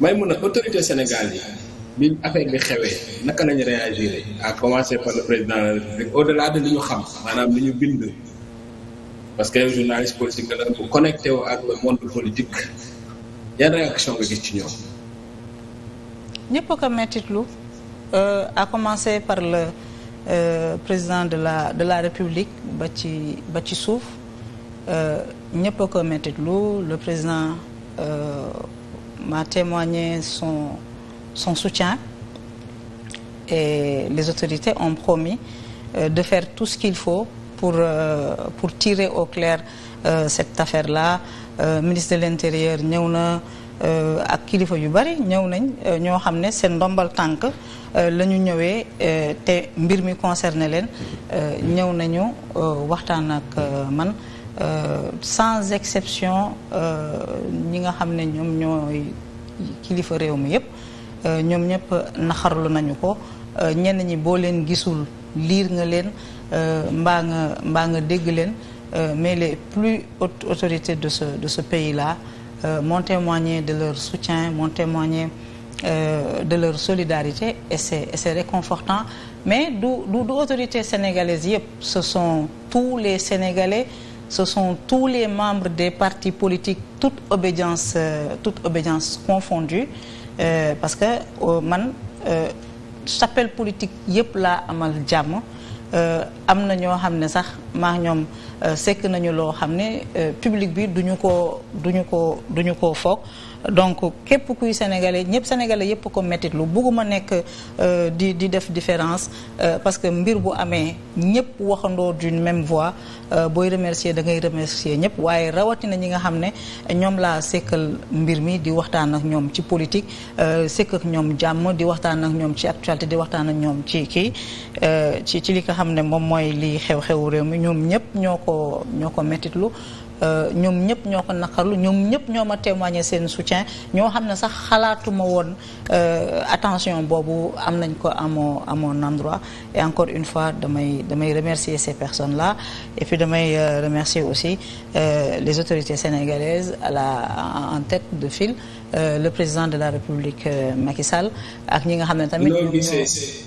may mun a autorité Sénégal yi bi affaire bi xewee naka lañu réagir à commencer par le président la République au-delà de li ñu xam maanaam li ñu bind parce que journaliste politique la bu connecté wu ak monde politique yan réaction nga gis ci ñoom ñëpp ko mettitlu euh, à commencer par le euh, président de la de la République ba ci ba ci suuf euh, ñëpp a ko mettitlu le président m'a témoigné son, son soutien et les autorités ont promis euh, de faire tout ce qu'il faut pour, euh, pour tirer au clair euh, cette affaire-là. Euh, ministre de l'Intérieur ñëw na euh, ak kilifa yu bari ñëw nañ ñoo xam ne seen ndombal tànk la ñu ñëwee te mbir mi concerné leen ñëw nañu waxtaan ak man sans exception nga xam ne ñoom ñooy kilifa réew mi yëpp euh, ñoom ñëpp naxarlu nañu ko euh, ñenn ñi boo leen gisul liir nga leen euh, mbaa nga mbaa nga dégg leen mais les plus hautes autorités de ce de ce pays là m'ont témoigné de leur soutien m'ont témoigné de leur solidarité et c'est et c'est réconfortant mais du du du autorités sénégalaises yëpp ce sont tous les Sénégalais ce sont tous les membres des partis politiques toute obédience euh, toute obédience confondue euh, parce que euh, man euh, chapelle politique yëpp laa amal jàmm euh, am na ñoo xam ne sax maa ñoom sekk nañu loo xam ne publique bi duñu ko duñu ko duñu ko foog donc képp kuy sénégalais ñëpp sénégalais yëpp ko méttit lu bugguma nekk euh, di di def différence euh, parce que mbir bu amee ñëpp waxandoo d'une même voix euh, booy remercier da ngay remercier ñëpp waaye rawatina ñi nga xam ne ñoom laa sekkal mbir mi di waxtaan ak ñoom ci politique sekk ak ñoom jàmm di waxtaan ak ñoom ci actualité di waxtaan ak ñoom ci kii ci ci li nga xam ne moom mooy li xew-xewu réew mi ñoom ñëpp ñoo ko ñoo ko méttitlu ñoom ñëpp ñoo ko naqarlu ñoom ñëpp ñoo ma témoigner seen soutien soutien ñoo xam ne sax xalaatuma woon euh, attention boobu am nañ ko à mon endroit et encore une fois damay damay remercier ces personnes là et puis damay euh, remercier aussi euh, les autorités sénégalaises à la en tête de file le président de la République Macky Sall ak ñi nga xam ne tamit